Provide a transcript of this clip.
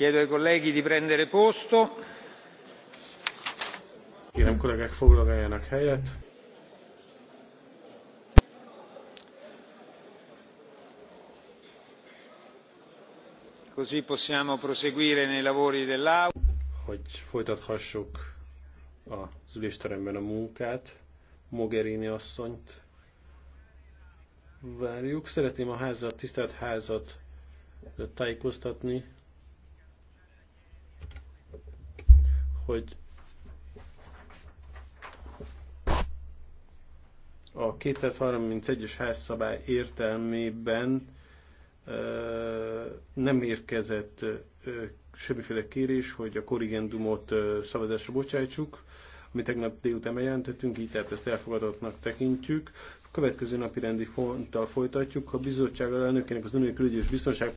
Kérem kollégák foglaljanak helyet. Così possiamo proseguire nei lavori dell'Aula. Hogy folytathassuk az ülésteremben a munkát, Mogherini asszonyt várjuk. Szeretném a házat, tisztelt házat tájékoztatni hogy a 231-es házszabály értelmében nem érkezett semmiféle kérés, hogy a korrigendumot szavazásra bocsájtsuk, amit tegnap délután bejelentettünk, így tehát ezt elfogadottnak tekintjük. A következő napi rendi fonttal folytatjuk. A bizottság elnökének az önök és biztonság